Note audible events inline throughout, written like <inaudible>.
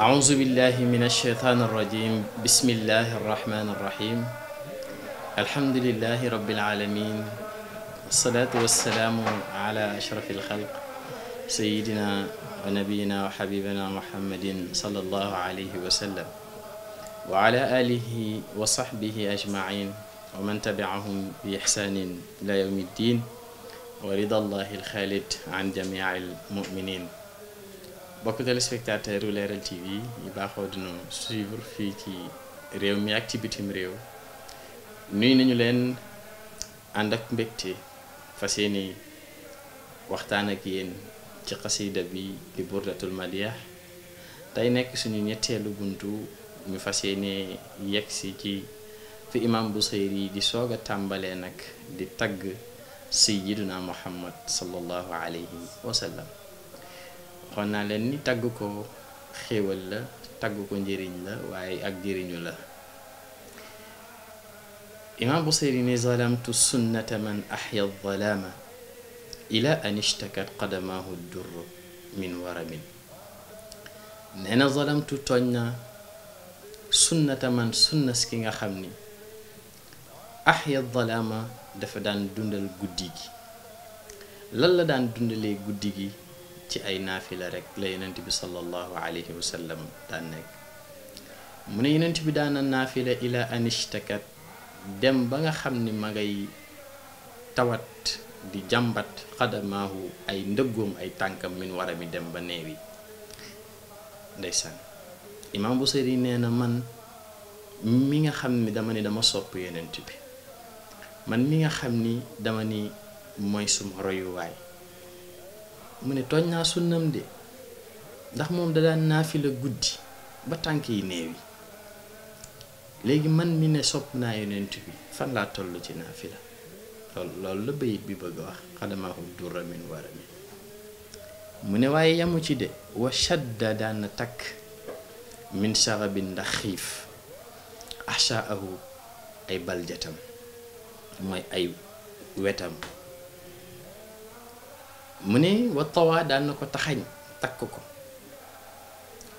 أعوذ بالله من الشيطان الرجيم بسم الله الرحمن الرحيم الحمد لله رب العالمين والصلاة والسلام على أشرف الخلق سيدنا ونبينا وحبيبنا محمد صلى الله عليه وسلم وعلى آله وصحبه أجمعين ومن تبعهم بإحسان إلى يوم الدين ورضا الله الخالد عن جميع المؤمنين mbokk téléspectateur u Leral TV ñu baaxoo dina suivre fii ci réew mi ak ci bitim réew nuyu nañu leen ànd ak mbégte fas yéene waxtaan ak yéen ci xasida bi di burdatul madiah tey nekk suñu ñetteelu buntu ñu fas yéene yegsi ci fi imam yi di soog a tàmbalee nag di tagg sayyiduna muhammad sallallahu alayhi wa xool naa leen ni tagg ko xéewal la tagg ko njëriñ la waaye ak jëriñu la imaam Busayri ni zalamtu sunnata man axya zalaama ila an ishtakat qadamaahu durr min waramin nee na zalamtu tooñ naa sunnata man sunnas ki nga xam ni axya zalaama dafa daan dundal guddi gi lan la daan dundalee guddi gi ci ay naafila rek la yenent bi sallallahu alayhi wa sallam daan nekk mu ne yenent bi daana naafila ila anishtakat dem ba nga xam ni ma ngay tawat di jàmbat xadamaahu ay ndëggoom ay tànkam min war a mi dem ba neewi ndeysaan imaam Busiri nee na man mi nga xam ni dama ni dama sopp yenent bi man mi nga xam ni dama ni mooy suma royuwaay mu ne tooñ naa sunnam de ndax moom da daan naafila guddi ba tànk yi néew yi léegi man mi ne sopp naa yonent bi fan laa toll ci naafila loolu loolu la bayit bi bëgg a wax xadamaahum durra min warami mu ne waaye yamu ci de wa shadda daan na takk min sarabin ndax xiif ahshaahu ay baljatam mooy ay wetam mu ne wa daan na ko taxañ takk ko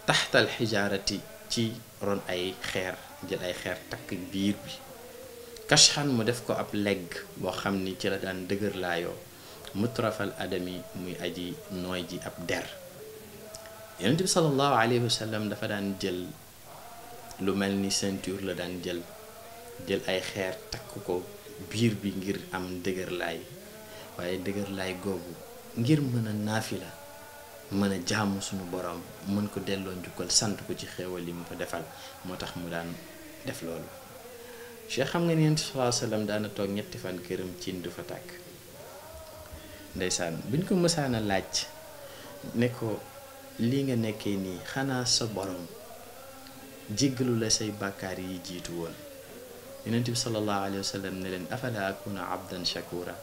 taxtal xijaarati ci ron ay xeer jël ay xeer takk biir bi kashxan mu def ko ab legg boo xam ni ci la daan dëgër laayoo mutrafal adami muy aji nooy ji ab der yonent bi sallallahu alayhi wa dafa daan jël lu mel ni ceinture la daan jël jël ay xeer takk ko biir bi ngir am dëgër waaye dëgër googu ngir mën a naafila mën a jaamu suñu borom mën ko delloo njukkal sant ko ci xéewal yi mu ko defal moo tax mu daan def loolu cheikh xam nga neen salaa sallam daana toog ñetti fan këram ciin du fa tàkk ndeysaan buñ ko mësaan a laaj ne ko lii nga nekkee nii xanaa sa borom jéggalu la say bàkkaar yi jiitu woon yonent bi sallallahu alayhi wa sallam ne leen afala akuna abdan shakura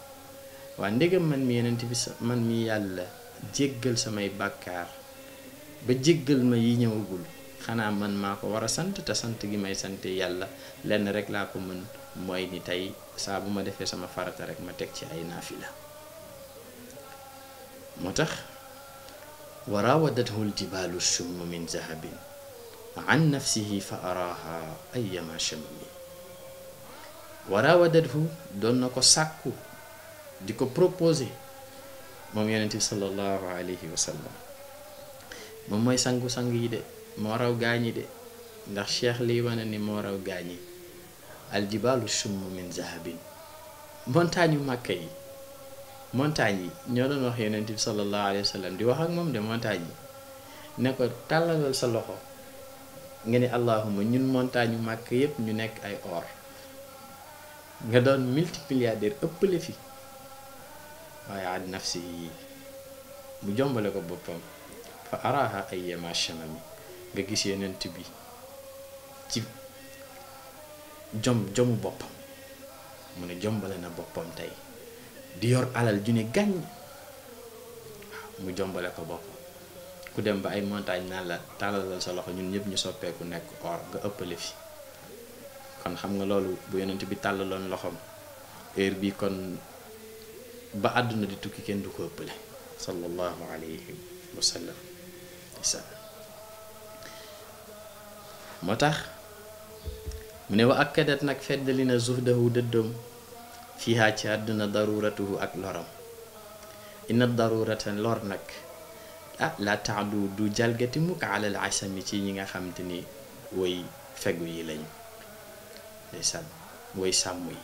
waa ndegam man mi yenent bi sa man mi yàlla jéggal samay bàkkaar ba jéggal ma yi ñëwagul xanaa man maa ko war a sant te sant gi may sant yàlla lenn rek laa ko mën mooy ni tey saa bu ma defee sama farata rek ma teg ci ay naafila moo tax wa raawadathu ljibaalu summu min zahabin an nafsihi fa araaha ayyama shammi wa raawadathu doon na ko sàkku di ko proposé moom yonent bi sallallahu alayhi wa sallam moom mooy sangu-sang yi de moo raw gaañi de ndax cheikh liy wane ni moo raw gaañi aljibaalu summ min zahabin montagne yu màkka yi montagne yi ñoo doon wax yonent bi sallallahu alayhi wa di wax ak moom de montagne yi ne ko tàllalal sa loxo nga ne allahuma ñun montagne yu màkk yépp ñu nekk ay or nga doon multimilliardaire ëppale fi waaye ad nafsi yi mu jombale ko boppam fa araha ay yemachanami nga gis yenent bi ci jom jomu boppam mu ne jombale na boppam tey di yor alal ju ne gàññ mu jombale ko boppam ku dem ba ay montagne naan la tàllalal sa loxo ñun ñëpp ñu soppeeku nekk or nga ëppale fi kon xam nga loolu bu yonent bi tàllaloon loxoom heure bi kon ba àdduna di tukki kenn du ko ëppale sallallahu alayhi wa sallam moo tax mu ne wa akkadat nag feddali na zuhdahu dëddoom fiihaa ci àdduna daruratuhu ak loram inna darurata lor nag ah la taadu du jalgati mukk alal asami ci ñi nga xam te ni woy fegu yi lañ ndeysaan sàmm yi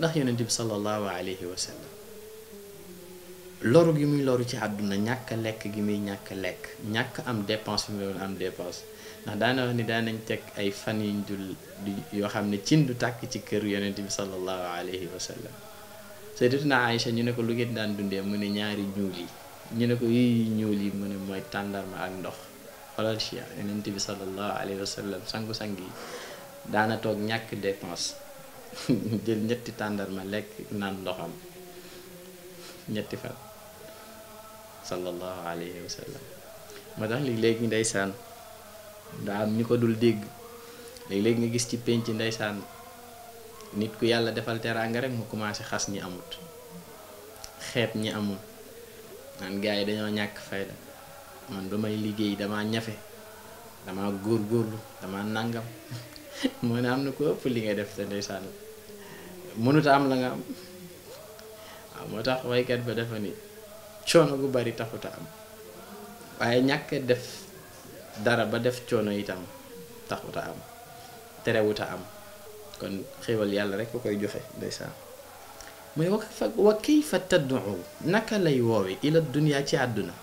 ndax yonent bi sallallahu alayhi wa loru gi muy loru ci àdduna ñàkk lekk gi muy ñàkk lekk ñàkk am dépense mu am dépense ndax daana wax ni daanañ teg ay fan yuñ dul yoo xam ne cin du tàkk ci kër yonent bi sallallahu alayhi wa sallam sayyidatuna Aïcha ñu ne ko lu ngeen daan dundee mu ne ñaari ñuul yi ñu ne ko yi ñuul yi mu ne mooy tàndarma ak ndox xoolal Cheikh yonent bi sallallahu alayhi wa sallam sangu yi daana toog ñàkk dépense jël ñetti tàndarma lekk naan ndoxam ñetti fan sallallahu alayhi wa sallam moo tax léegi ndeysaan daa am ñu ko dul dégg léegi-léegi nga gis ci pénc ndeysaan nit ku yàlla defal teraanga rek mu commencé xas ñi amut xeet ñi amul naan gars yi dañoo ñàkk fayda man ba may liggéey damaa ñafe damaa góor góorlu damaa nàngam <laughs> mu ne am na ko ëpp li ngay def te ndeysaan mënut a am la nga am waaw moo tax waykat ba defa ni coono bu bari taxuta am waaye ñàkk def dara ba def coono itam taxut a am terewut am kon xéwal yàlla rek ku koy joxe ndeysaan muy wa kayfa taddu naka lay woowe ila dunya ci àdduna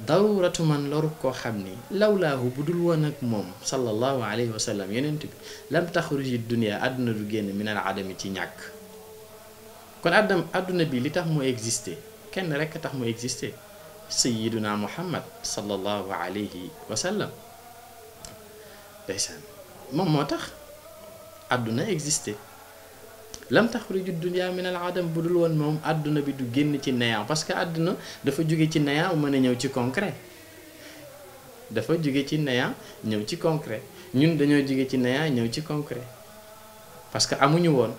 dawratu man loru koo xam ni lawlaahu bu dul woon ak moom sallallahu alayhi wa sallam yonent bi lam taxruji dunia àdduna du génn minal adami ci ñàkk kon àddam àdduna bi li tax mu exister kenn rekk tax mu exister sayiduna muhammad sallallahu alayhi wa sallam ndeysaan moom moo tax àdduna exister lam tax ju taxriju dunya ne al adam bu dul woon moom àdduna bi du génn ci néant parce que àdduna dafa jóge ci néant mën a ñëw ci concret dafa jóge ci néant ñëw ci concret ñun dañoo jóge ci néant ñëw ci concret parce que amuñu woon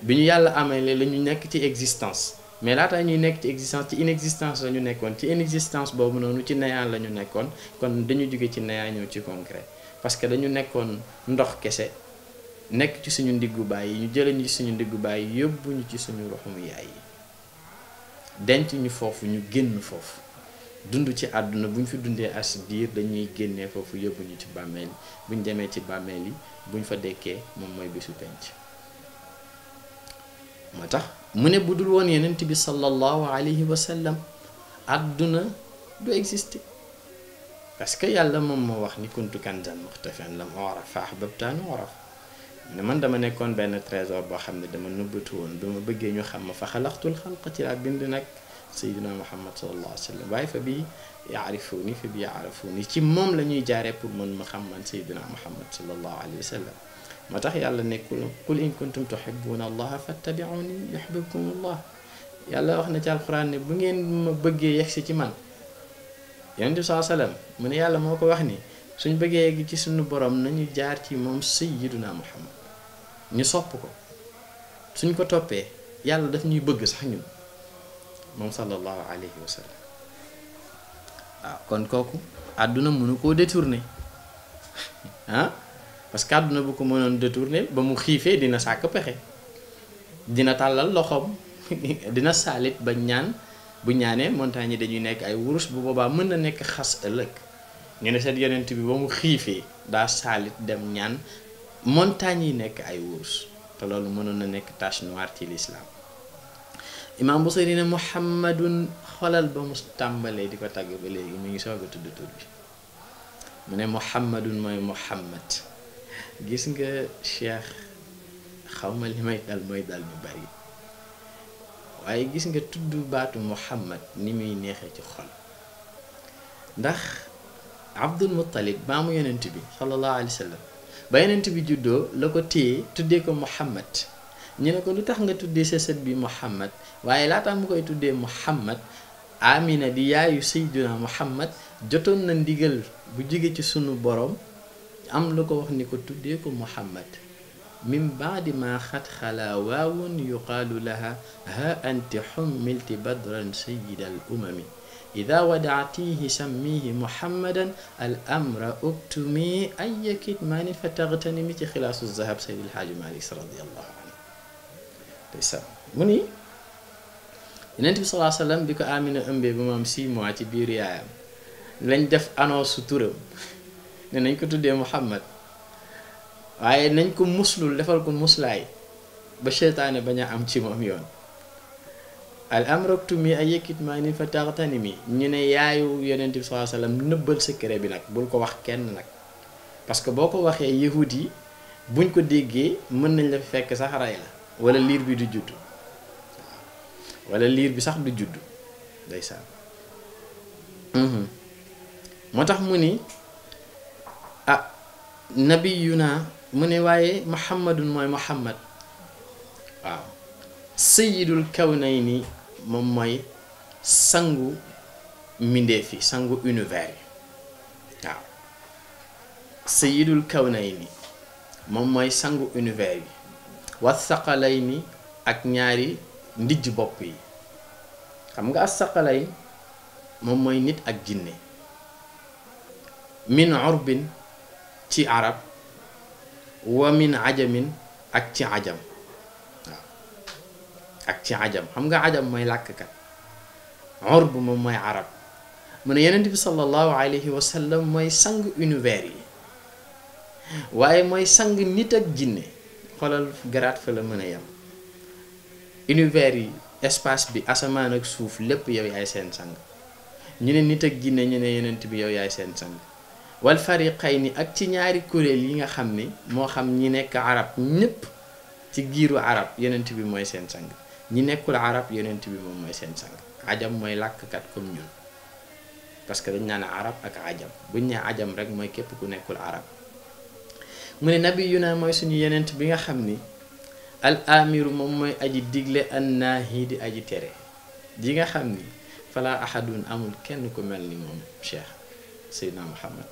bi ñu yàlla amee la ñu nekk ci existence mais laata ñuy nekk ci existence ci la ñu nekkoon ci inexistence boobu noonu ci néant la ñu nekkoon kon dañu jóge ci néant ñëw ci concret parce que dañu nekkoon ndox kese nekk ci suñu ndiggu baay yi ñu jëlee ñu ci suñu ndiggu baay yi yóbbu ñu ci suñu roxumu yaay yi denc ñu foofu ñu génn foofu dund ci àdduna bu ñu fi dundee as diir dañuy génnee foofu yóbbu ñu ci bàmmeel bu ñu demee ci bàmmeel yi bu ñu fa dekkee moom mooy bisu penc moo tax mu ne bu dul woon yenent bi sallallahu alayhi wa sallam àdduna du exister parce que yàlla moom moo wax ni kuntu kanzan muxtafian lam ora faax babtaan oraf ne man dama nekkoon benn trésor boo xam ne dama nëbbatu woon ba ma bëggee ñu xam ma fa xalaxtul xalqa ci laa bind nag sayyidina muhammad sallallahu alayhi wa sallam waaye fa bi yaarifuuni ci moom la ñuy jaaree pour mën ma xam man sayyidina muhammad sallallahu alayhi wa sallam moo tax yàlla nekkul qul in kuntum tuhibbuna allaha fattabiuni yuhbibkum allah yàlla wax na ci alquran ne bu ngeen ma bëggee yegsi ci man yonent mu ne yàlla moo ko wax ni suñ bëggee yegg ci suñu borom nañu jaar ci moom sayyidina muhammad ñu sopp ko suñ ko toppee yàlla def ñuy bëgg sax ñun moom sallallahu alayhi wa sallam waaw kon kooku àdduna mënu koo détourné <laughs> ah parce que àdduna bu ko mënoon détourné ba mu xiifee dina sàkk pexe dina tàllal loxoom <laughs> dina saalit ba ñaan bu ñaanee montagne yi dañuy nekk ay wurus bu boobaa mën na nekk xas ëllëg ñu ne seen yonent bi ba mu xiifee daa saalit dem ñaan montagnes yi nekk ay wurus te loolu mënoon na nekk tache noire ci lislaam imaam Busiri ne muhammadun xolal ba mu tàmbalee di ko tàgg ba léegi mu ngi soog a tudd tur bi mu ne muhammadun mooy muhammad gis nga cheikh xawma ma li may dal mooy dal bu bari waaye gis nga tudd baatu muhammad ni muy neexee ci xol ndax abdul muttalib baa mu yonent bi sallallahu alayhi wa ba yonent bi juddoo la ko téye tuddee ko Muhammad ñu ne ko lu tax nga tuddee sa sët bi Muhammad waaye laata mu koy tuddee Muhammad Amina di yaayu Seydina Muhammad jotoon na ndigal bu jóge ci sunu borom am lu ko wax ni ko tuddee ko Muhammad min baadi xat xalaa waawun yuqaalu laha ha anti xummilti badran sayidal umami ida wadaatihi sammihi muhammadan al amra uktumi ay kitmaani fa taxtanimi ci xilaasu zahab sayd alxaaji malik si radiallahu anhu ndeysaan bi salaa bi ko amina ëmbee ba mu am 6 mois ci biir yaayam lañ def annonce su turam ne nañ ko tuddee muhammad waaye nañ ko muslul defal ko muslaay ba seytaane bañ a am ci moom yoon al amraktu mi ay yëkkit maa ni fa taxtani mi ñu ne yaayu yonent bi sallallahu alayhi wasallam nëbbal secret bi nag bul ko wax kenn nag parce que boo ko waxee yahud yi buñ ko déggee mën nañ la fekk sax rey la wala liir bi du judd walla liir bi sax du judd day saan mhm. moo tax mu ni ah nabiyuna mu ne waaye muhammadun mooy muhammad waaw nay nii moom mooy sangu mbindeef yi sangu univers yi waaw sayidul kawnayni moom mooy sangu univers yi wasaqalayni ak ñaari ndijj bopp yi xam nga asaqalay moom mooy nit ak jinne min urbin ci arab wa min ajamin ak ci ajam ak ci ajam xam nga ajam mooy làkkkat urb moom mooy arab mu ne yonent mooy sang univers yi waaye mooy sang nit ak jinne xoolal garaat fa la mën a yem univers yi espace bi asamaan ak suuf lépp yow yaay seen sang ñu ne nit ak jinne ñu ne yonent bi yow yaay seen sang wal fariqayni ak ci ñaari kuréel yi nga xam ni moo xam ñi nekk arab ñépp ci giiru arab yonent bi mooy seen sang ñi nekkul arab yonent bi moom mooy seen sang ajam mooy làkkkat comme ñun parce que dañ naan arab ak ajam buñ ne ajam rek mooy képp ku nekkul arab mu ne nabi yu mooy suñu yonent bi nga xam ni al amiru moom mooy aji digle an naahi di aji tere ji nga xam ni fala ahadun amul kenn ku mel ni moom cheikh seydna muhammad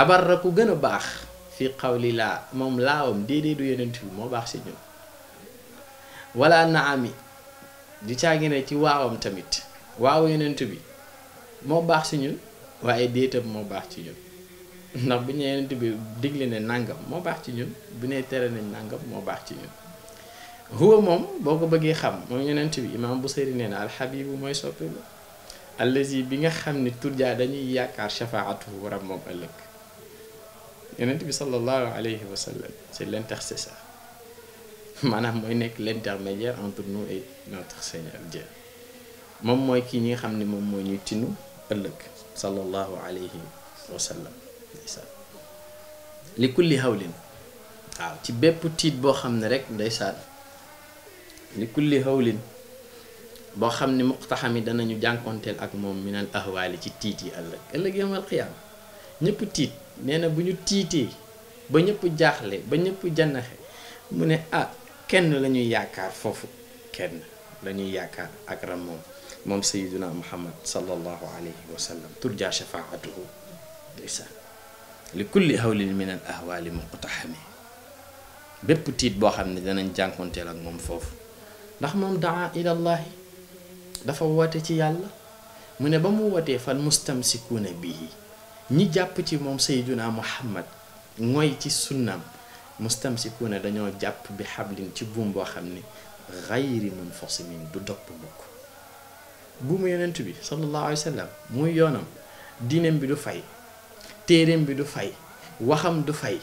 abarra ku gën a baax fi qawli laa moom laawam déedéet du yonent bi moo baax si ñun wala na ami di caagi ne ci waawam tamit waaw yonent bi moo baax si ñun waaye déetam moo baax ci ñun ndax bu ñu yonent bi digle ne nàngam moo baax ci ñun bu ne tere nañ nàngam moo baax ci ñun huwa moom boo ko bëggee xam moom yonent bi imaam Busayri nee na alxabibu mooy soppi ba allazi bi nga xam ni turjaa dañuy yaakaar shafaatu waram moom ëllëg yonent bi sallallahu alayhi wa sallam c'est l'intercesseur <laughs> maanaam mooy nekk l'intermédiaire entre nous et notre Seigneur Dieu moom mooy kii ñi nga xam ni moom mooy ñuy tinu ëllëg sallallahu alayhi wa sallam li kulli hawlin waaw ci bépp tiit boo xam ne rek ndeysaan li kulli hawlin boo xam ne muqtaxam yi danañu jànkonteel ak moom minal ahwaali ci tiit yi ëllëg ëllëg yawmal qiyaama ñëpp tiit nee na bu ñu tiitee ba ñëpp jaaxle ba ñëpp jannaxe mu ne ah kenn la ñuy yaakaar foofu kenn lañuy yaakaar ak ram moom moom sayiduna muhammad sallallahu alayhi wa sallam turja shafaatuhu ndeysaan li kulli hawlin min al ahwali muqtaxami bépp tiit boo xam ne danañ jànkonteel ak moom foofu ndax moom daa ilallahi dafa woote ci yàlla mu ne ba mu wootee fal mustamsikuuna bihi ñi jàpp ci moom sayiduna muhammad mooy ci sunnaam mustamsikuuna dañoo jàpp bi xablin ci buum boo xam ni xayri munfasimin du dopp mukk buumu yonent bi sallallahu alayhi wa muy yoonam diineem bi du fay téereem bi du fay waxam du fay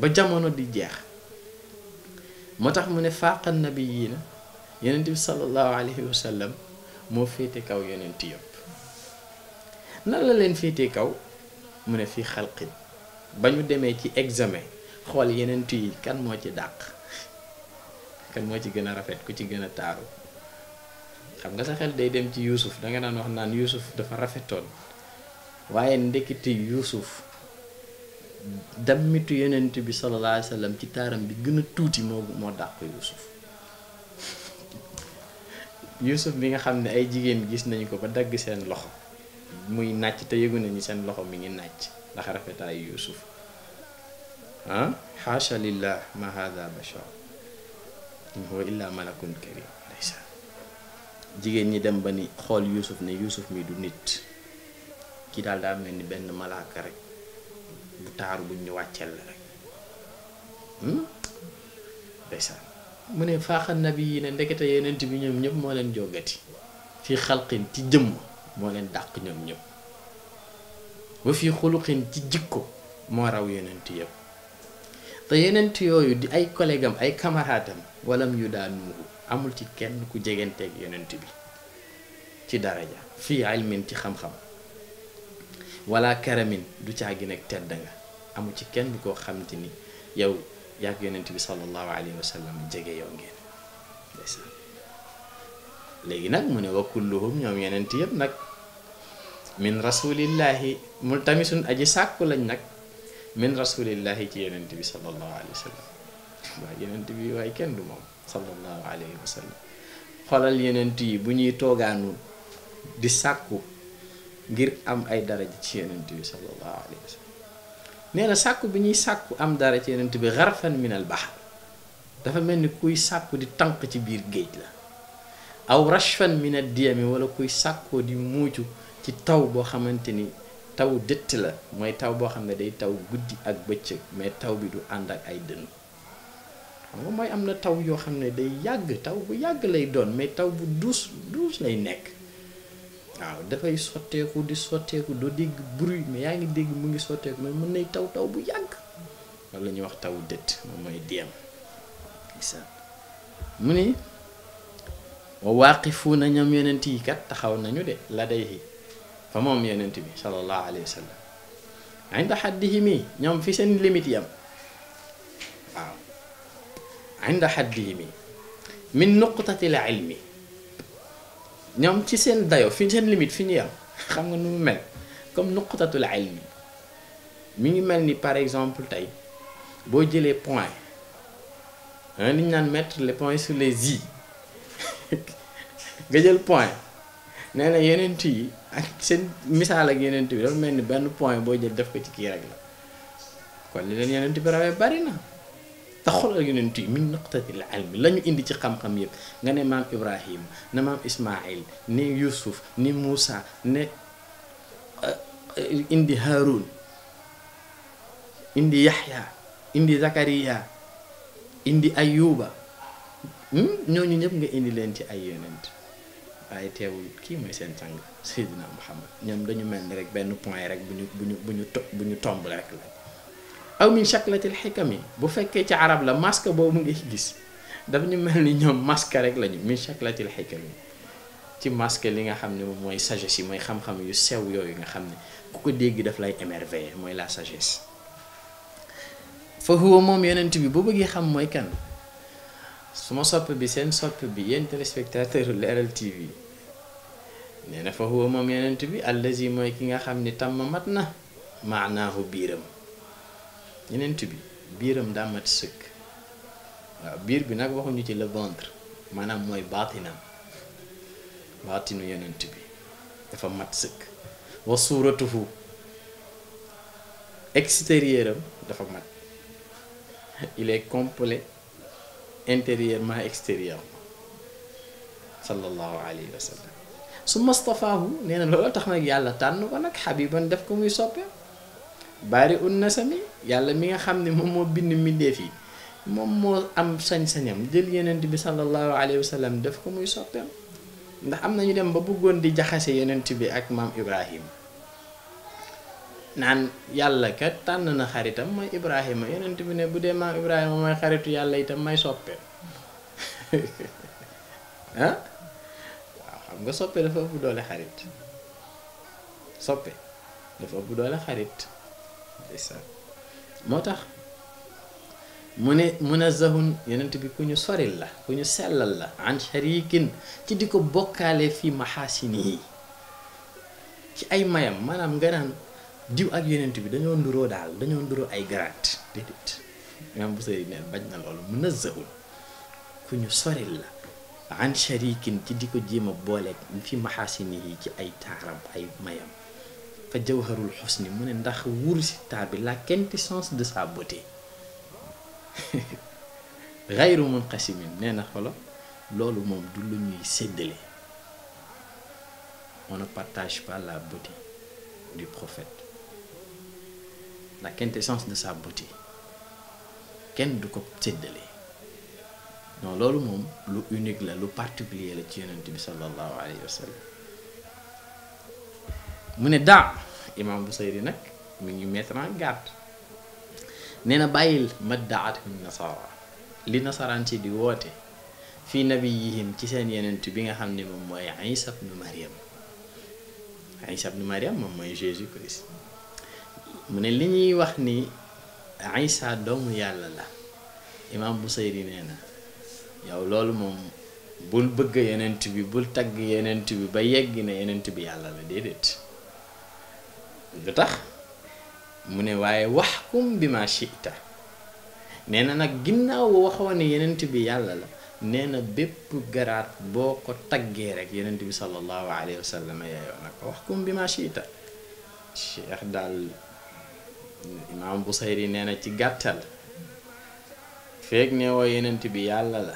ba jamono di jeex moo tax mu ne faaqa nabiyiina yonent bi sallallahu alayhi wa sallam moo féete kaw yonent yëpp nan la leen féete kaw mu ne fii xalqin ba ñu demee ci examen xool yeneen yi kan moo ci dàq kan moo ci gën a rafet ku ci gën a taaru xam nga sa xel day dem ci Yuusuf danga naan wax naan Yuusuf dafa rafetoon waaye ndekiti Yuusuf dammitu yonent bi sallallahu alayhi wa ci taaram bi gën a tuuti moo moo dàq Yuusuf Yuusuf bi nga xam ne ay jigéen gis nañu ko ba dagg seen loxo muy nàcc te yëgu ñu seen loxo mi ngi nàcc ndax rafetaayu yusuf ah xaasha ñi dem ba ni xool yusuf ne yusuf mi du nit ki daal daa ni benn malaaka rek buñ ñu wàcceel la rek hmm? ndeysaan mu ne faaxa nabi yi ne ndekete yenent bi ñoom ñëpp moo leen jógati fi xalqin ci jëmm moo leen dàq ñoom ñëpp wa fi xuluqin ci ko moo raw yenent yëpp te yenent yooyu di ay collègue ay camaraatam walam yu daan muuhu amul ci kenn ku jeganteeg yenent bi ci daraja fii ilmin ci xam-xam wala karamin du caagi nag tedd nga amul ci kenn koo xamante ni yow yàgg yonent bi sallallahu alayhi wa sallam jege yow léegi nag mu ne wa kulluhum ñoom yenent yëpp nag min rasulillahi mu tamit suñ aji sàkku lañ nag min rasulillahi ci yenent bi sallallahu alayhi waaye yenent bi waaye kenn du moom sallallahu alayhi wa sallam xoolal yenent yi bu ñuy toogaanu di sàkku ngir am ay daraja ci yenent bi sallallahu alayhi wa sallam nee na sàkku bi ñuy sàkku am dara ci yenent bi xarfan min al bahar dafa mel ni kuy sàkku di tànq ci biir géej la aw rashfan min ad diyami wala kuy sàkkoo di muucu ci taw boo xamante ni taw dëtt la mooy taw boo xam ne day taw guddi ak bëccëg mais taw bi du ànd ak ay dënn xam nga mooy am na taw yoo xam ne day yàgg taw bu yàgg lay doon mais taw bu duus duus nekk waaw dafay sotteeku di sotteeku doo dégg bruit yaa ngi dégg mu ngi sotteeku mais mën nay taw taw bu yàgg la ñuy wax taw dëtt moom mooy diem mu mu ni wa waaqifuuna ñoom yeneen yi kat taxaw nañu de la day fa moom yonent bi sallallahu alayhi wa sallam inda xaddihimi ñoom fi seen limite yam waaw inda xaddihimi min nuqtatil ilmi ñoom ci seen dayo fi seen limite fi ñu yam xam nga nu mu mel comme nuqtatul ilmi mi ngi mel ni par exemple tey boo jëlee point li ñu naan mettre les points sur les i <laughs> nga jël point nee yeneen yenent yi ak seen misaal ak yenent bi dafa mel ni benn point boo jël def ko ci kii rek la kon li leen yenent bi rawee bari na te xoolal yenent yi min nuqtatil ilmi la ñu indi ci xam-xam yëpp nga ne maam Ibrahim ne maam Ismail ni Yusuf ni Moussa ne euh, indi Haroun indi Yaxya indi Zakariya indi Ayuba hmm? ñooñu ñëpp nga indi leen ci ay yenent waaye teewul kii mooy seen sang Seydina Muhammad ñoom dañu mel ni rek benn point rek bu ñu bu ñu bu ñu bu ñu tomb rek la aw min chaklatil xikam yi bu fekkee ci arab la masque boobu ngay gis daf ñu mel ni ñoom masque rek lañu min chaklatil xikam yi ci masque li nga xam ne moom mooy sagesse yi mooy xam-xam yu sew yu nga xam ne ku ko dégg daf lay émerveiller mooy la sagesse fa huwa moom yonent bi boo bëggee xam mooy kan suma sopp bi seen sopp bi yéen téléspectateur leeral tv nee na fa huwa moom yonent bi allazi mooy ki nga xam ni tàmm mat na maanaaxu biiram yonent bi biiram daa mat sëkk waaw biir bi nag waxuñu ci la ventre maanaam mooy baatinam baatinu yonent bi dafa mat sëkk wa suuratuhu extérieur am dafa mat il est complet intérieurement extérieurement sallallahu alayhi wa sallam su mastafaahu nee na tax nag yàlla tànn ko nag xabiban def ko muy soppe bari un nasami yàlla mi nga xam ne moom moo bind mbindeef yi moom moo am sañ-sañam jël yonent bi sallallahu alayhi wa sallam def ko muy soppee ndax am na ñu dem ba bëggoon di jaxase yonent bi ak maam Ibrahima. naan yàlla kat tànn na xaritam mooy Ibrahima yonent bi ne bu dee maam Ibrahima mooy xaritu yàlla itam may soppe <laughs> ah waaw xam nga soppe dafa ëpp doole xarit soppe dafa ëpp doole xarit moo tax mu ne munazahun yonent bi ku ñu soril la ku ñu sellal la an sharikin ci di ko bokkaale fi maxaasini yi ci ay mayam maanaam nga naan diw ak yonent bi dañoo nduroo daal dañoo nduroo ay garaat déedéet imam Busiri ne bañ na loolu mën a zëwul ku ñu soril la an sharikin ci di ko jéem a booleeg fi maxaasini yi ci ay taaram ay mayam fa jawharul xusni mu ne ndax wuru si taar bi la quintessence de sa beauté xayru <laughs> munqasimin nee na xolo loolu moom du lu ñuy séddale on ne partage pas la beauté du prophète la quintessence de sa kenn du ko séddale non loolu moom lu unique la lu particulier la ci yonent bi sallallahu alayhi wa sallam mu ne daa imaam Busayri nag mu ngi mettre en garde nee na bàyyil maddaat min nasara li nasaraan si di woote fii nabiyihim ci seen yonent bi nga xam ne moom mooy Isa bnu Mariam Isa bnu Mariam moom mooy Jésus Christ mu ne li ñuy wax ni Isa doomu yàlla la imaam Busayri nee na yow loolu moom bul bëgg yenent bi bul tagg yenent bi ba yegg ne yenent bi yàlla la déedéet lu tax mu ne waaye waxkum bi ma chita nee na nag ginnaaw waxoo ne yenent bi yàlla la nee na bépp garaat boo ko taggee rek yenent bi sallallahu alayhi wa sallam yaayoo na bi ma chita cheikh daal imaam Busayri nee na ci gàttal feeg ne woo yenent bi yàlla la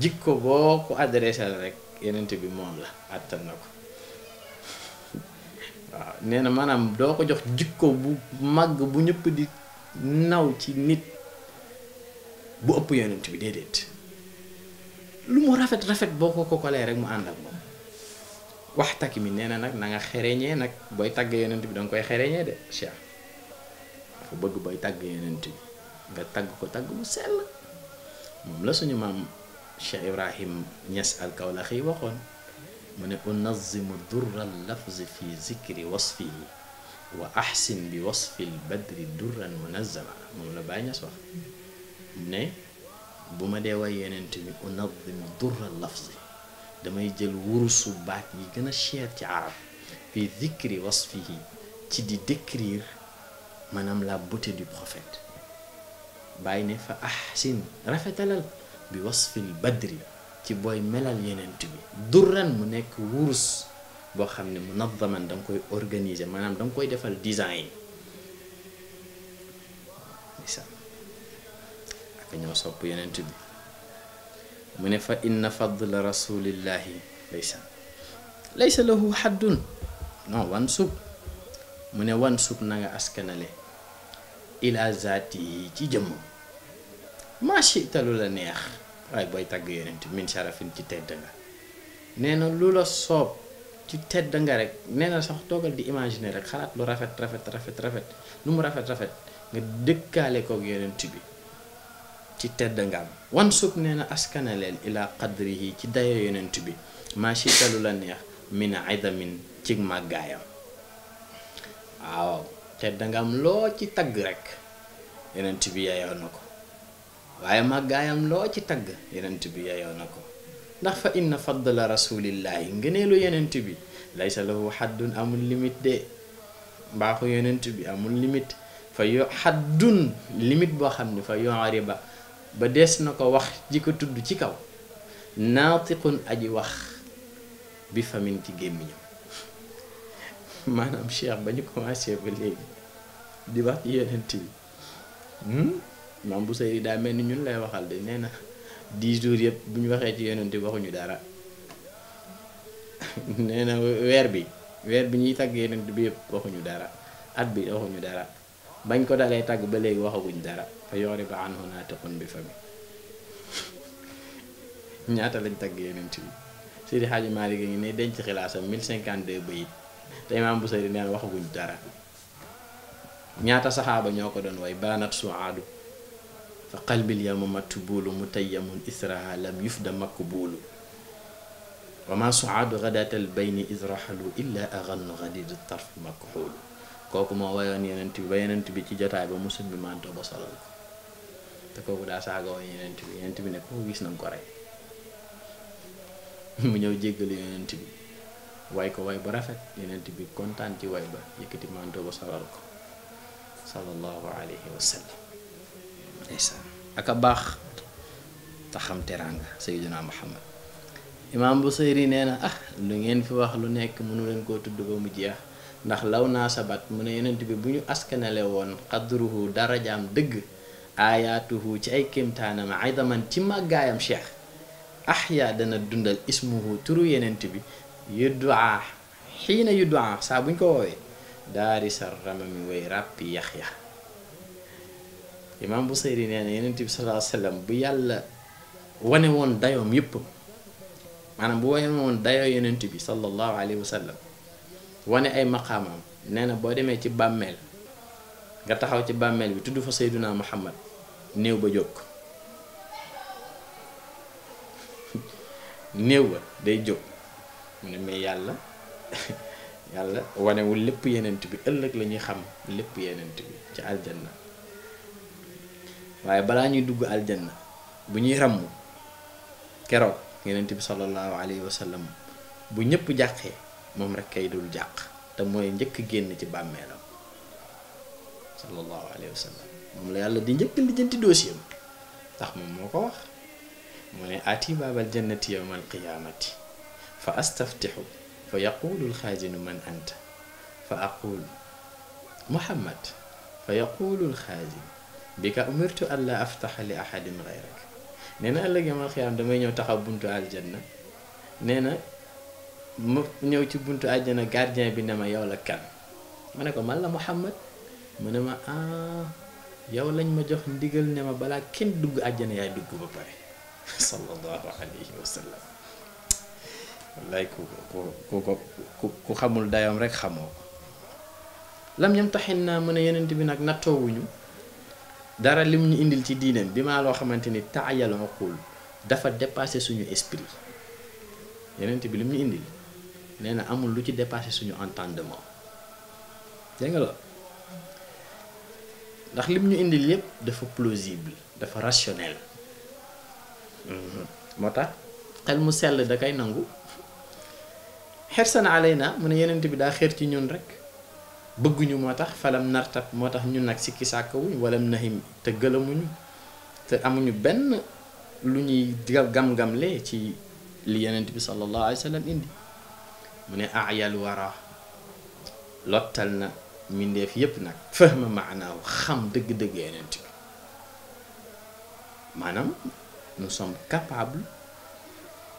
jikko boo ko adressé la rek yenent bi moom la àttal na ko waaw nee na maanaam doo ko jox jikko bu màgg bu ñëpp di naw ci nit bu ëpp yonent bi déedéet lu mu rafet rafet boo ko ko kolee rek mu ànd ak moom wax takk mi nee na nag na nga xereñee nag booy tàgg yonent bi danga koy xereñee de cheikh ko bëgg booy tàgg yenent bi nga tàgg ko tàgg bu sell moom la suñu maam Cheikh Ibrahim Niass al Kawlaxi waxoon mu ne unazimu durra lafzi fi zikri wasfihi wa ahsin bi wasfi l badri durran munazama moom la Baay Niass wax ne bu ma dee way yenent bi unazimu durra lafzi damay jël wurusu baat yi gën a cher ci arab fi zikri wasfihi ci di décrire maanaam la beauté du prophète bàyyi ne fa ahsin rafetalal bi wasfil badri ci booy melal yenent bi durran mu nekk wurus boo xam ne munazzaman da nga koy organiser maanaam danga koy defal design isa ak ñoo yenent bi mu ne fa inna fadla rasulillahi laysa laysa lahu haddun non wan sub mu ne wan sub na nga askanale ila zaati yi ci jëmm machita lu la neex waaye booy tàgg yonent min ci tedd nee na lu soob ci tedd nga sax toogal di imaginer rek xalaat lu rafet rafet rafet rafet lu mu rafet rafet nga dëkkaale koog yonent bi ci tedd wan sub nee na askanaleel ila qadrihi ci dayo yonent bi machita lu la neex min idamin ci màggaayam waaw te danga am loo ci tagg rek yonent bi yeyoo na ko waaye màggaayam loo ci tagg yonent bi yeyoo ko ndax fa inna faddala rasulillahi ngëneelu yonent bi laysa lahu xaddun amul limite de mbaaxu yonent bi amul limite fa yo xaddun limite boo xam ne fa yoori ba ba des na ko wax ji ko tudd ci kaw naatiqun aj wax bi famin ci gémmiñam <laughs> maanaam cheikh ba ñu commencé ba léegi di wax ci yeneen bi maam bu sëy daa mel ni ñun lay waxal de nee na dix jours yëpp bu ñu waxee ci yonent bi waxuñu dara <laughs> nee weer bi weer bi ñuy tagg yonent bi yëpp waxuñu dara at bi waxuñu dara bañ ko dalee tagg ba léegi waxaguñ dara fa yoori ba an naa tëxoon bi fami <laughs> ñaata lañ tagg yonent bi Seydi Hadji Malick ngi ne denc xilaasam 1052 bayit te imaam Busayri nee na waxaguñ dara ñaata saxaaba ñoo ko doon way baanat suaadu fa qalbil yawma matbuulu mutayyamun israha lam yufda makbuulu wa ma suaadu gadatal bayni israhalu illa agannu gadidu tarf makxuulu kooku moo wayoon yenent bi ba yenent bi ci jotaay ba musul bi manto ba solal ko te kooku daa saaga woon yenent bi yenent bi ne kooku gis nañ ko rey <laughs> mu ñëw jéggalu yenent bi waay ko waay ba rafet yenent bi kontaan ci way ba yëkkati manto ba solal ko sallallahu alayhi wa sallam baax te xam teraanga sayyidina muhammad imaam Busayri nee na ah lu ngeen fi wax lu nekk mënu leen koo tudd ba mu jeex ndax law naa sa bat mu ne yenent bi bu ñu askanale woon xadruhu darajaam dëgg aayaatuhu ci ay kéemtaanam ay daman ci màggaayam cheikh ahya dana dundal ismu turu yenent bi yuddaa xiina yuddaa saa buñ ko woowee daari sa ramami way ràppi yax ya imaam Busayri nee na Yonent bi sallallahu alayhi bu yàlla wane woon dayoom yépp maanaam bu wane woon dayoo Yonent bi sallallahu alayhi wa wane ay maqaamam nee na boo demee ci bàmmeel nga taxaw ci bàmmeel bi tudd fa Seyduna Muhammad néew ba jóg <laughs> néew ba day jóg mu ne mais yàlla <laughs> yàlla wanewul lépp yenent bi ëllëg la ñuy xam lépp yenent bi ci aljanna waaye balaa ñuy dugg aljanna bu ñuy ràmm keroog yenent bi sallallahu alayhi wa bu ñëpp jàqee moom rek kay dul jàq te mooy njëkk génn ci bàmmeelam sallallahu alayhi wa moom la yàlla di njëkk lijjanti dossier ndax moom moo ko wax mu ne ati baabal jannati yawmal qiyaamati fa astaftixu fa yaqulu alxaazinu man anta fa aqulu muhammad fa yaqulu alxaazin bi ka umirtu an aftaxa li ahadin gayrak nee na ëllëg yamal xiyaam damay ñëw taxaw buntu aljanna nee na ma ñëw ci buntu àjjana gardien bi ne ma yow la kan ma ne ko man la Muhammad mu ne ma ah yow lañ ma jox ndigal ne ma balaa kenn dugg àjjana yaay dugg ba pare <laughs> sallallahu alayhi wa wallaay ku ku ku ku xamul dayoom rek xamoo ko lam yam taxin naa mën a yenent bi nag nattoowuñu dara lim ñu indil ci diineem bi maa loo xamante ni taayal uqul dafa dépassé suñu esprit yenent bi lim ñu indil nee na amul lu ci dépassé suñu entendement dégg nga ndax lim ñu indil yépp dafa plausible dafa rationnel mm-hmm. moo tax xel mu sell da kay nangu xersan alayna mu ne yenent bi daa xeer ci ñun rek bëgguñu moo tax falam nartab moo tax ñun nag sikki sàkkawuñ walam nahim te gëlamuñu te amuñu benn lu ñuy gam-gamle ci li yenent bi sallallahu alayhi wa indi mu ne ayal wara lottal na mbindeef yépp nag fahma maanaaw xam dëgg-dëgg yenent bi maanaam nous sommes capables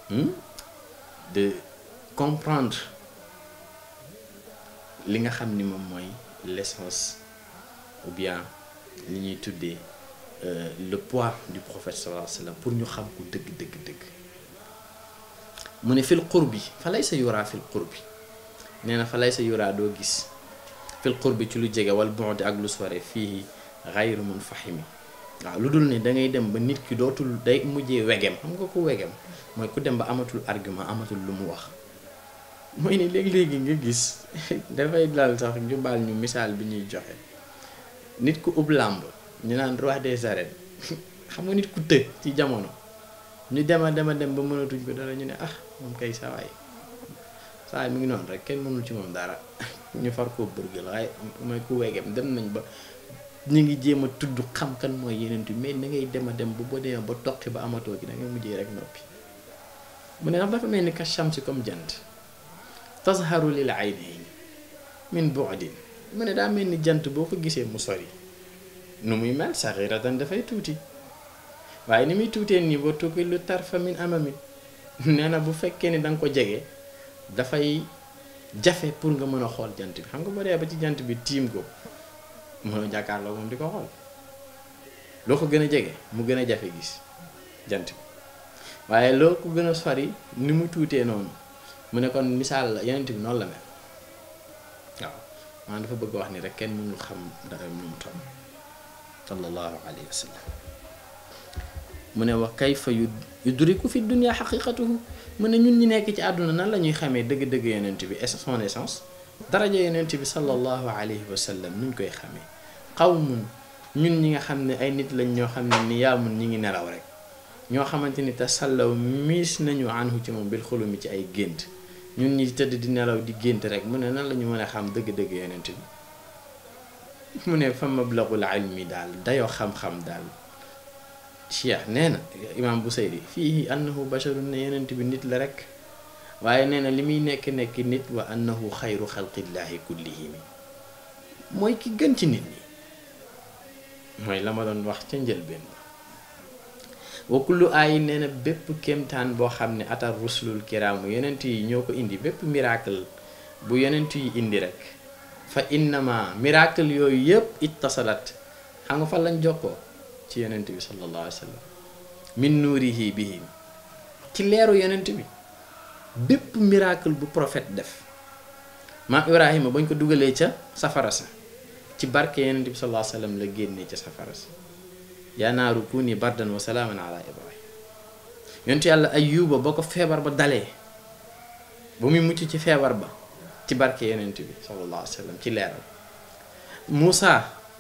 hmm, de comprendre li nga xam ni moom mooy l'essence ou bien li ñuy tuddee euh, le poids du prophète sallallahu alayhi pour ñu xam ko dëgg dëgg dëgg mu ne fil qurbi fa lay sa yuraa fil qurbi nee na fa lay sa yuraa doo gis fil bi ci lu jege wal bonde ak lu sore fii xayru mun fahimi waaw lu dul ne da ngay dem ba nit ki dootul day mujjee wegem xam nga ko wegem mooy ku dem ba amatul argument amatul lu mu wax mooy ni léegi-léegi nga gis dafay dal sax ñu baal ñu misaal bi ñuy joxe nit ku ub làmb ñu naan roi des arènes xam nga nit ku tëj ci jamono ñu dema dema dem ba mënatuñ ko dara ñu ne ah kay sawaay sawaay mu ngi noonu rek kenn mënul ci moom dara ñu far koo bërgël waaye mooy ku wegeem dem nañ ba ñu ngi jéem a tudd xam kan mooy yeneen tu mais na ngay dem dem ba boo demee ba toqi ba amatoo gi da ngay mujjee rek noppi mu ne dafa mel ni ka chamsi comme jant tazharu lil aynayni min bu'din mu ne daa mel ni jant boo ko gisee mu sori nu muy mel saxiratan dafay tuuti waaye ni muy tuutee nii ba tukki lu tarfa min amami nee na bu fekkee ni da nga ko jege dafay jafe pour nga mën a xool jant bi xam nga boo dee ba ci jant bi tiim ko mënoo jàkkaarloo moom di ko xool loo ko gën a jege mu gën a jafe gis jant bi waaye loo ko gën a sori ni mu tuutee noonu. mu ne kon misaal la yonent bi noonu la mel waaw maanaam dafa bëgg wax ni rek kenn mënul xam dara nu mu toll sallallahu alayhi wa sallam mu ne wax kayfa yudriku fi mu ne ñun ñi nekk ci àdduna nan la ñuy xamee dëgg-dëgg yonent bi son essence daraja yonent bi sallallahu alayhi wa sallam nuñ koy xamee ñun ñi nga xam ne ay nit lañ ñoo xam ne ñi ngi nelaw rek ñoo xamante ni tasallaw miis nañu anhu ci moom bil xulumi ci ay gént ñun ñi tëdd di nelaw di gént rek mu ne nan la ñu mën a xam dëgg-dëgg yonent bi mu ne fa mablagul ilmi daal dayoo xam-xam daal cheikh nee na imaam Busayri fii annahu basharun ne yonent bi nit la rek waaye nee na li muy nekk nekk nit wa annahu xayru xalqillaahi kullihimi mooy ki gën ci nit ñi mooy la ma doon wax ca njël njëlbeen wakullu aay nee bépp kéemtaan boo xam ne atar rusulul kiraamu yonent yi ñoo ko indi bépp miracle bu yonent yi indi rek fa innama miracle yooyu yëpp ittasalat xam nga fan lañ jokkoo ci yonent bi ci leeru yonent bi bépp miracle bu prophète def maam Ibrahima bañ ko dugalee ca safara sa ci barke yonent bi sallallahu la génnee ca safara sa yaa naaru kuni bardan wa salaaman ala ibrahim yontu yàlla ayuba ba ko feebar ba dalee ba muy mucc ci feebar ba ci barke yonent bi sallallahu alayhi wa ci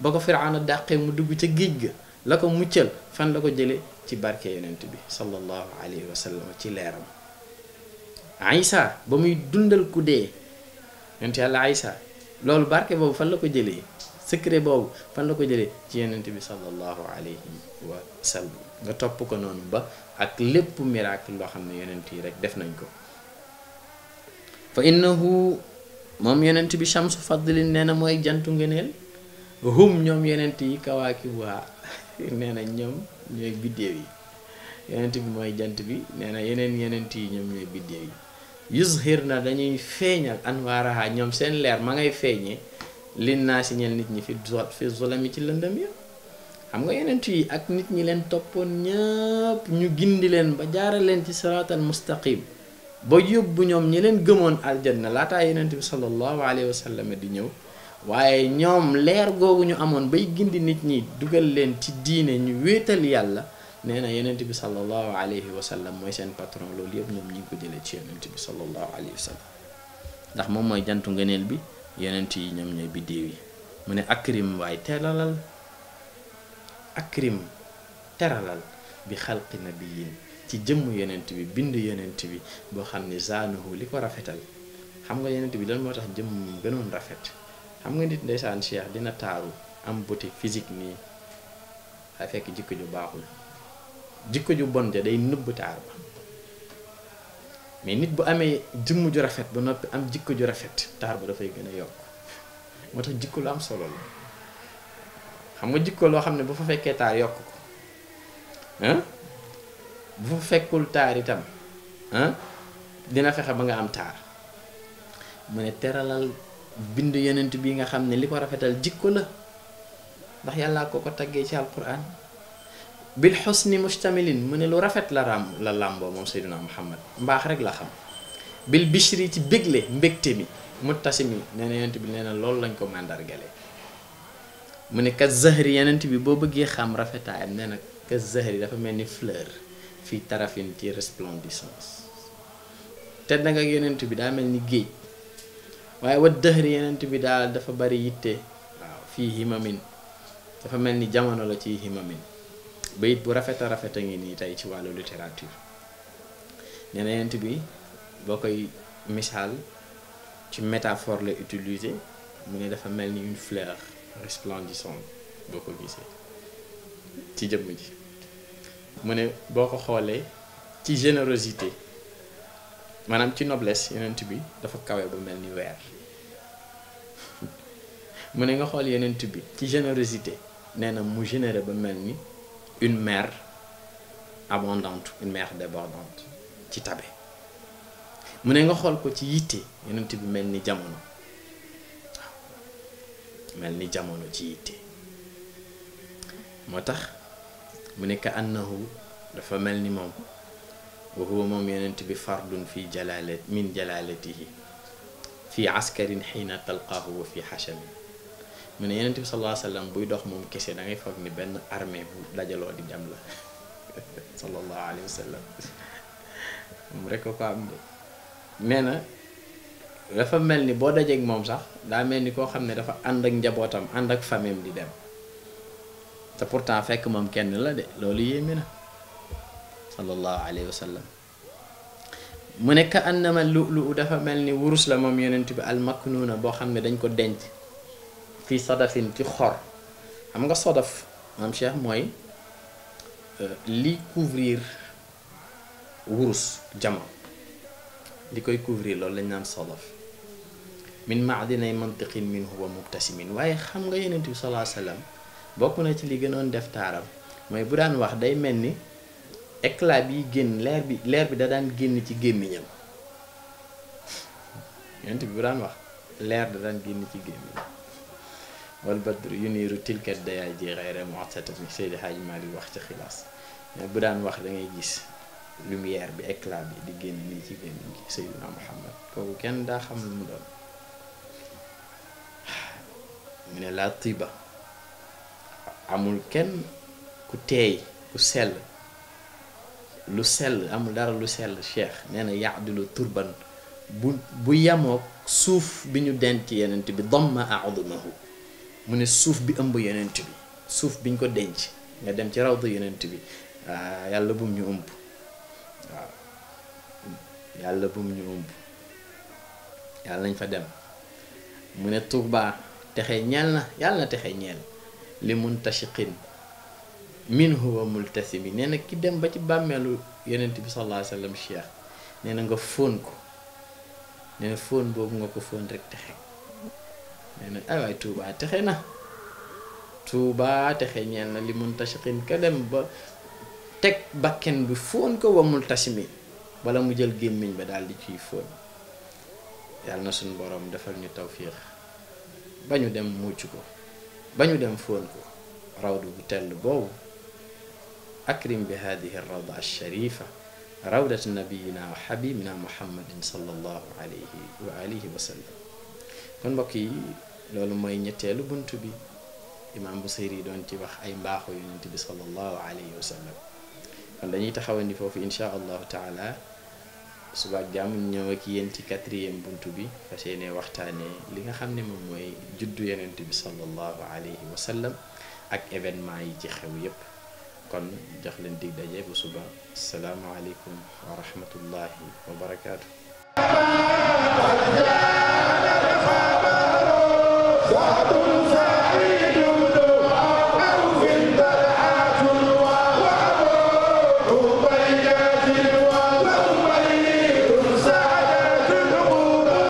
ba ko firaana dàqee mu dugg ca géej ga la ko muccal fan la ko jële ci barke bi sallallahu alayhi wa ci leeram Aïssa ba muy dundal ku dee yontu yàlla Aïssa loolu barke boobu fan la ko jëlee secret boobu fan la ko jëlee ci yonent bi sallallahu alayhi wa sallam nga topp ko noonu ba ak lépp miracle loo xam ne yonent yi rek def nañ ko fa innahu moom yonent bi chamsu fadlin nee na mooy jantu ngëneel hum ñoom yonent yi kawaakibuha nee na ñoom ñooy biddéew yi yonent bi mooy jant bi nee na yeneen yonent yi ñoom ñooy biddéew na dañuy feeñal anwaaraha ñoom seen leer ma ngay feeñee lin naa si ñeel nit ñi fi zo fi zolami ci lëndam ya xam nga yonent yi ak nit ñi leen toppoon ñëpp ñu gindi leen ba jaaral leen ci siraatal mustaqim ba yóbbu ñoom ñi leen gëmoon na laataa yonent bi sallallahu alayhi wa di ñëw waaye ñoom leer googu ñu amoon bay gindi nit ñi dugal leen ci diine ñu wéetal yàlla nee na yonent bi sallallahu alayhi wa mooy seen patron loolu yëpp ñoom ñi ngi ko jëlee ci yonent bi sallallahu alayhi wa ndax moom mooy jantu ngëneel bi yonent yi ñoom ñooy biddéew yi mu ne akrim waaye teralal akrim teralal bi xalqi nabiyin ci jëmm yonent bi bind yeneentu bi boo xam ne zaanuhu li ko rafetal xam nga yonent bi lan moo tax jëm mu gënoon rafet xam nga nit saan cheikh dina taaru am beauté fisik nii a fekk jikko ju baaxul jikko ju bon ja day nëbb taar ba mais nit bu amee jëmm ju rafet ba noppi am jikko ju rafet taar ba dafay gën a yokk moo tax jikko lu am solo la xam nga jikko loo xam ne bu fa fekkee taar yokk ko bu fa fekkul taar itam dina fexe ba nga am taar mu ne teralal bind yonent bi nga xam ne li ko rafetal jikko la ndax yàllaa koo ko taggee ci alquran bil xusni mustamilin mu ne lu rafet la ram la làmboo moom Seydina Muhammad mbaax rek la xam bil bishri ci bégle mbégte mi muttasimi nee na yonent bi nee na loolu lañ ko màndargale mu ne kat zahri yonent bi boo bëggee xam rafetaayam nee na kat zahri dafa mel ni fleur fii tarafin ci resplendissance te da nga yonent bi daa mel ni géej waaye wa dëhri yonent bi daal dafa bari yitte waaw fii himamin dafa mel ni jamono la ci himamin bayit bu rafet a rafet a ngi nii tey ci wàllu littérature nee na bi boo koy misaal ci métaphore la utiliser mu ne dafa mel ni une fleur resplendissante boo ko gisee ci jëmm ji mu ne boo ko xoolee ci générosité maanaam ci noblesse yenent bi dafa kawe bu mel ni weer mu ne nga xool yenent bi ci générosité nee na mu généré ba mel ni une mer abondante une mer débordante ci tabe mu ne nga xool ko ci yitte yonent bi mel ni jamono mel ni jamono ci yitte moo tax mu ne ka annahu dafa mel ni moom wa huwa moom yonent bi fardun fi jalalat min jalalatihi fi askarin xiina talqaahu wa fi xachamin mu ne yeneen bi sallallahu alayhi buy dox moom kese da ngay foog ni benn armée bu dajaloo di dem la <laughs> sallallahu alayhi wa sallam <laughs> am na dafa mel ni boo dajeeg moom sax daa mel ni koo xam ne dafa ànd ak njabootam ànd ak famem di dem te pourtant moom kenn la de loolu yéeme na sallallahu alayhi wa sallam mu ne ka lu lu dafa mel ni wurus la moom yonent bi almaknuuna boo xam ne dañ ko denc fii sadafin ci xor xam nga sodaf maam Cheikh mooy euh, li couvrir wurus jama li koy couvrir loolu lañ naan sodaf min maadinay mantiqin min huwa mubtasimin waaye xam nga yonent bi salaa sallam bokk na ci li gënoon def taaram mooy bu daan wax day mel ni éclat bi génn leer bi leer bi da daan génn ci gémmiñam yonent bu daan wax leer da daan génn ci gémmiñam wal badru yuniiru tilkat dayaa ji xayra mu'tatat mi Seydi Hadji Malick wax ci xilaas mais bu daan wax da ngay gis lumière bi éclat bi di génn nii ci génn gi Seydina Muhammad kooku kenn daa xam lu mu doon mu ne laa tiba amul kenn ku teey ku sell lu sell amul dara lu sell cheikh nee na yaadilu turban bu bu yamook suuf bi ñu denc yenent bi damma adumahu mu ne suuf bi ëmb yenent bi suuf biñ ko denc nga dem ci rawdu yonent bi ah, yàlla bum ñu ëmb waaw yàlla bum ñu ëmb yàlla nañ fa dem mu ne tuubaa texe ñeel na yàlla na texe ñeel li muntashiqin min huwa multasimi nee na ki dem ba ci bàmmeelu yonent bi sallallahu alayhi wa sallam nee na nga fóon ko nee na fóon boobu nga ko fóon rek texe xëy na ay waay Touba texe na Touba texe ñeel li mun tashaqin ba teg bakken bi foon ko wamul tasmi wala mu jël gémmiñ ba daal di ciy foon yàlla na suñu borom defal ñu tawfiix ba ñu dem mucc ko ba ñu dem foon ko rawdu bu tell boobu akrim bi hadihi rawda sharifa rawdat nabiyina wa xabibina muhammadin sallallahu alayhi wa alihi kon mbokk yi loolu mooy ñetteelu bunt bi imaam Busayri yi doon ci wax ay mbaaxu yonent bi sallallahu alayhi wa kon dañuy taxawandi foofu insha allahu taala subaak jàmm ñëw ak yéen ci quatrième bunt bi fas yéene waxtaanee li nga xam ne moom mooy juddu yonent bi sallallahu alayhi wa ak événement yi ci xew yépp kon jox leen dig daje bu suba salaamualeykum wa rahmatullahi wa barakaatu. Sadhu